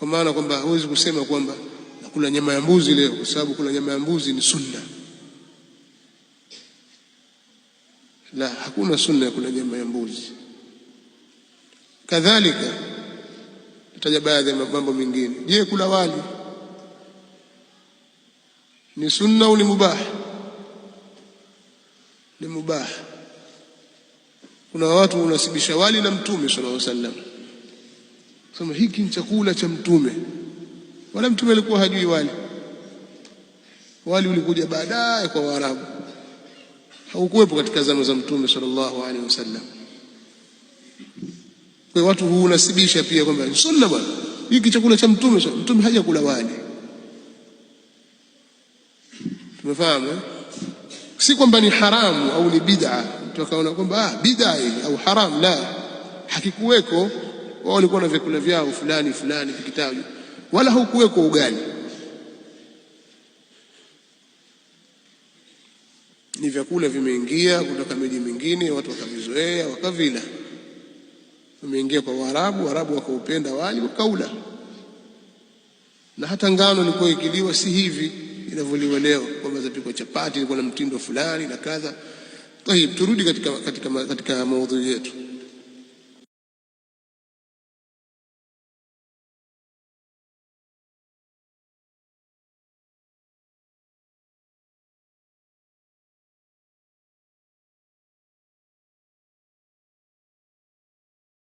Kwa maana kwamba huwezi kusema kwamba nakula nyama ya mbuzi leo, kwa sababu kula nyama ya mbuzi ni sunna. La, hakuna sunna ya kula nyama ya mbuzi. Kadhalika nataja baadhi ya mambo mengine. Je, kula wali ni sunna au ni mubah? Ni mubah. Kuna watu wanasibisha wali na Mtume sallallahu alaihi wasallam sema hiki ni chakula cha Mtume, wala Mtume alikuwa hajui wali. Wali ulikuja baadaye kwa Waarabu, haukuwepo katika zama za Mtume sallallahu alaihi wasallam. Kwa watu huunasibisha pia kwamba sunna bwana, hiki chakula cha Mtume. Mtume hajakula wali, tumefahamu eh? Si kwamba ni haramu au ni bid'a, mtu akaona kwamba ah, bid'a au haram, la, hakikuweko wao walikuwa na vyakula vyao fulani fulani vikitajwa, wala haukuwekwa ugali. Ni vyakula vimeingia kutoka miji mingine, watu wakavizoea wakavila. Vimeingia kwa Waarabu, Waarabu wakaupenda wali wakaula. Na hata ngano ilikuwa ikiliwa si hivi inavyoliwa leo, kwamba zapikwa chapati ilikuwa na mtindo fulani na kadha. Tayib, turudi katika, katika, katika maudhui yetu.